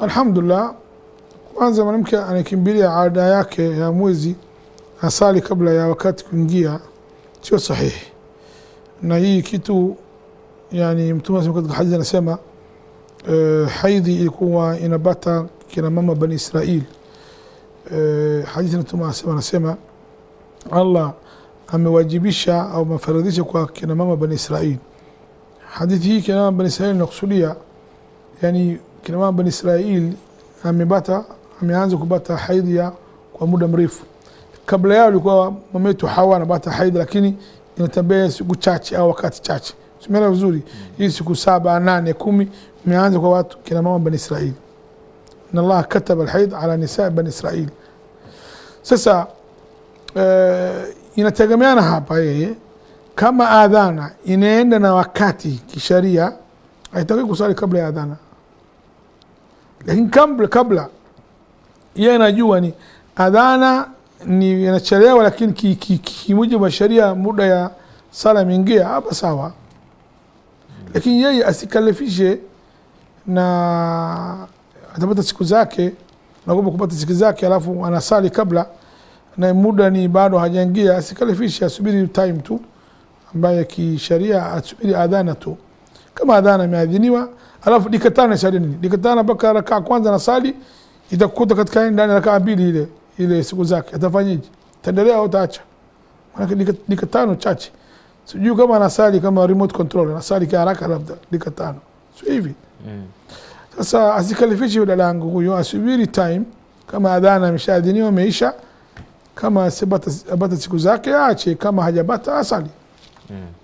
Alhamdulillah, kwanza mwanamke anakimbilia ada yake ya mwezi asali kabla ya wakati kuingia, sio sahihi. Na hii kitu yani, Mtume katika hadithi anasema e, haidhi ilikuwa inabata kina mama Bani Israil. E, hadithi Mtume anasema anasema Allah amewajibisha au mafaradhisha kwa kina mama Bani Israil. Hadithi hii kina mama Bani Israil inakusudia yani kina mama Bani Israeli amebata ameanza kubata haidhi ya kwa muda mrefu. Kabla yao alikuwa mama yetu Hawa anabata haidhi, lakini inatembea siku chache au wakati chache, tumeelewa vizuri. Hii siku saba, nane, kumi imeanza kwa watu kina mama Bani Israeli, na Allah kataba alhaidh ala nisaa Bani Israeli. Sasa uh, inategemeana hapa yeye kama adhana inaenda na wakati kisharia, haitaki kusali kabla ya adhana lakini kabla kabla yeye anajua ni adhana ni inachelewa, lakini kimujibu wa sheria muda ya sala imeingia, hapa sawa, lakini yeye asikalifishe na atapata siku zake, naogopa kupata siku zake, alafu anasali kabla na muda ni bado hajaingia, asikalifishe, asubiri time tu ambaye kisheria asubiri adhana tu, kama adhana imeadhiniwa alafu dikatana sali nini? Dikatana mpaka rakaa kwanza na sali itakuta katika ndani rakaa mbili ile ile siku zake atafanyaje? Taendelea au taacha? Maana dikatano chache. Sijui kama anasali kama remote control anasali kwa haraka labda dikatano. Sio hivi. Mm. Sasa asikalifishi yule yangu huyo asubiri time kama adhana ameshaadhiniwa ameisha, kama sibata abata siku zake aache, kama hajabata asali. Mm.